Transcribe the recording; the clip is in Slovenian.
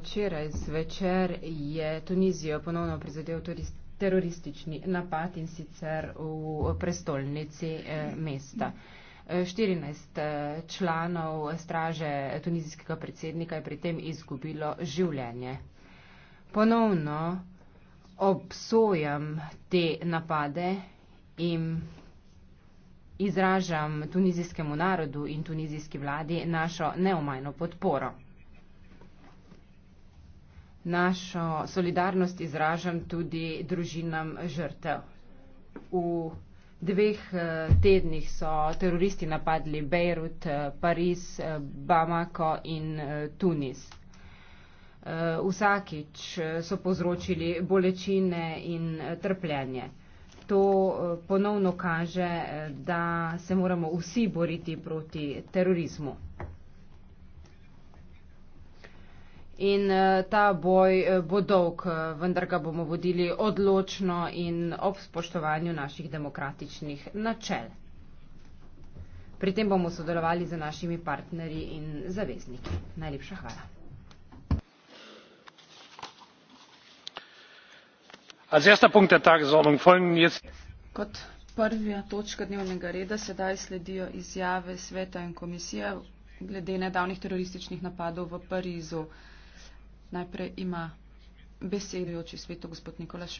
včeraj zvečer je tunizijo ponovno prizadel teroristični napad in sicer v prestolnici eh, mesta. 14 eh, eh, članov straže tunizijskega predsednika je pri tem izgubilo življenje. Ponovno obsojam te napade in izražam tunizijskemu narodu in tunizijski vladi našo neomajno podporo. Našo solidarnost izražam tudi družinam žrtev. V dveh eh, tednih so teroristi napadli Beirut, eh, Pariz, eh, Bamako in Tunis. Vsakič so povzročili bolečine in trpljenje to eh, ponovno kaže, eh, da se moramo vsi boriti proti terorizmu. In eh, ta boj bo dolg, vendar ga bomo vodili odločno in ob spoštovanju naših demokratičnih načel. Pri tem bomo sodelovali z našimi partnerji in zavezniki. Najlepša hvala. kot prva točka dnevnega reda sedaj sledijo izjave sveta in komisije glede nedavnih terorističnih napadov v parizu najprej ima besedujoči svetu gospod nikolaš